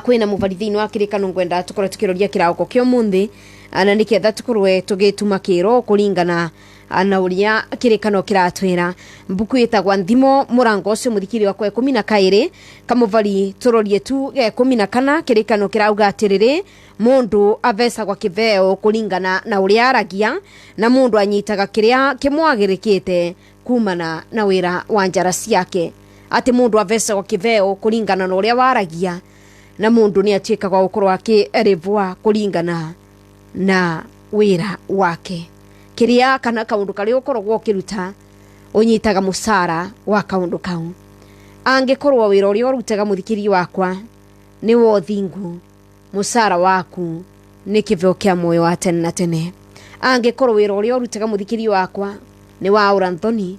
kwina muvali thiini wa kirikano ngwenda tukorwe tukiroria kirauko kio munthi na nikietha tukorwe tugituma kiro kuringana na uria kirikano kiratwira mbuku itagwa nthimo murango ucio muthikiri wakwa ikumi e na kairi kamuvali turorie tu ga ikumi na kana kirikano kirauga atiriri mundu avesa kwa kiveo kuringana na uria aragia na mundu anyitaga kiria kimwagirikite kumana na wira wa njara ciake ati mundu kwa kiveo kuringana na uria waragia na mundu ni atuikagwa gukorwo akirivwa kuringana na wira wake kiria kana kaundu karia ukoragwo ukiruta unyitaga musara wa kaundu kau angikorwo wira uria urutaga muthikiri wakwa ni wothingu musara waku ni kiveo kia moyo wa tene na tene angikorwo wira uria urutaga muthikiri wakwa ni wa uranthoni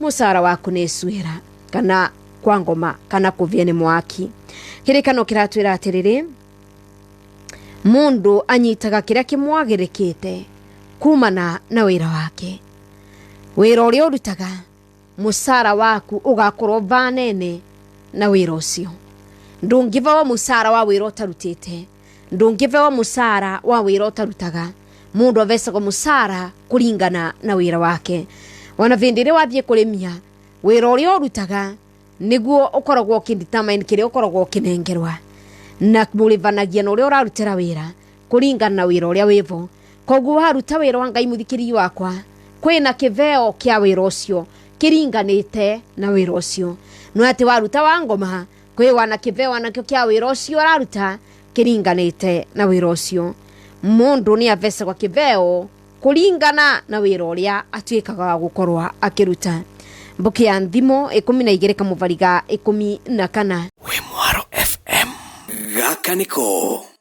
musara waku ni suira kana kwa ngoma kana kuvia ni mwaki kiririkano kiratwira atiriri mundu anyitaga kiria kimwagirikite kumana na wira wake wira uria urutaga musara waku ugakorwo vanene na wira ucio ndungivewa musara wa wira utarutite ndungivewa musara wa wira utarutaga mundu avesagwo musara kuringana na wira wake wana vindi iria wathie kurimia wira uria urutaga niguo ukoragwo ukidetermine kiria ukoragwo ukinengerwa na murivanagia na uria urarutira wira kuringana na wira uria wivo koguo waruta wira wa ngai muthikiri wakwa kwina kiveo kia wira ucio kiringanite na wira ucio no ati waruta wa ngoma kwiwa wana kiveo nakio kia wira ucio uraruta kiringanite na wira ucio mundu ni avesagwa kiveo kuringana na wira uria atuikaga wa gukorwa akiruta mboki ya nthimo ikumi na igiri kamuvariga ikumi na kana we mwaro fm gaka niko